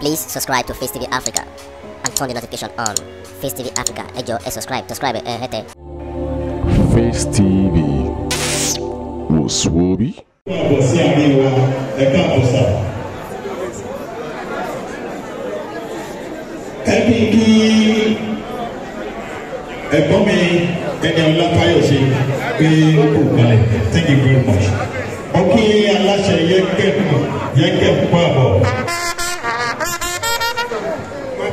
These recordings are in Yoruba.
Please subscribe to Face TV Africa and turn the notification on. Face TV Africa, ejo, e subscribe, subscribe, eh, hete. Face TV, Muswobi. Voici Thank you very much.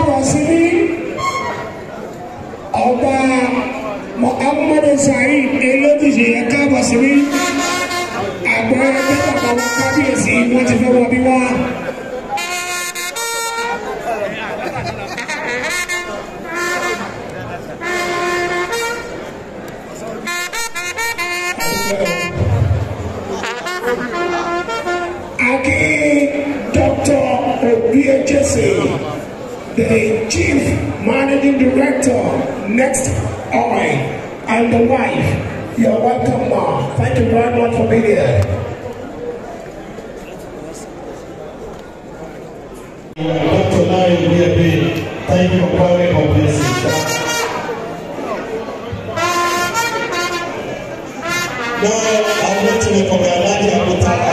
kábọ̀ sí ọba muhammadu sa'id elódìjì yẹn kábọ̀ sí àgbà ẹgbẹ́ bàbá wa kábíyèsí wọ́n ti fẹ́ wọ bí wá. Aki Dr. Obi Ejese the chief managing director, Next Oil, and the wife. You are welcome, ma. Thank you very much for being here. Dr. Lai Weabe, thank you for calling for blessing. Now, I'm want to recommend Alaji Abuta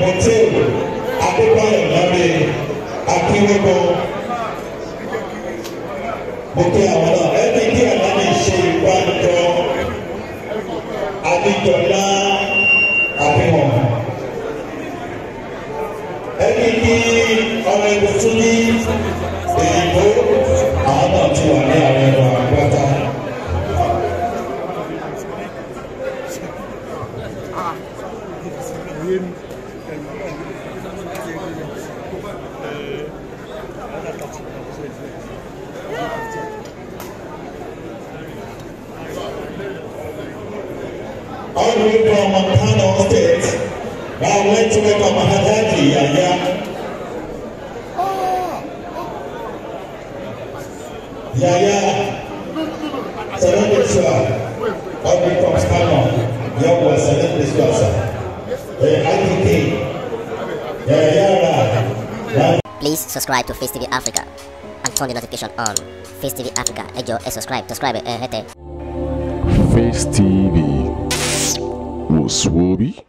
motel adébáyọ lábẹ́ akínwébọ gbogbo àwọn náà ẹni kí àná lè ṣe ìpàdé àdìjọlá àbíwọn ẹni kí ọmọ ìbùsùn ní èyíkó àwọn náà ti wà ní àwọn ẹ̀rọ àgbàtà. Amen. All the from State, I would like to welcome Yaya. Yaya, Please subscribe to Face TV Africa and turn the notification on. Face TV Africa, and e subscribe, subscribe, eh, Face TV was Swoby.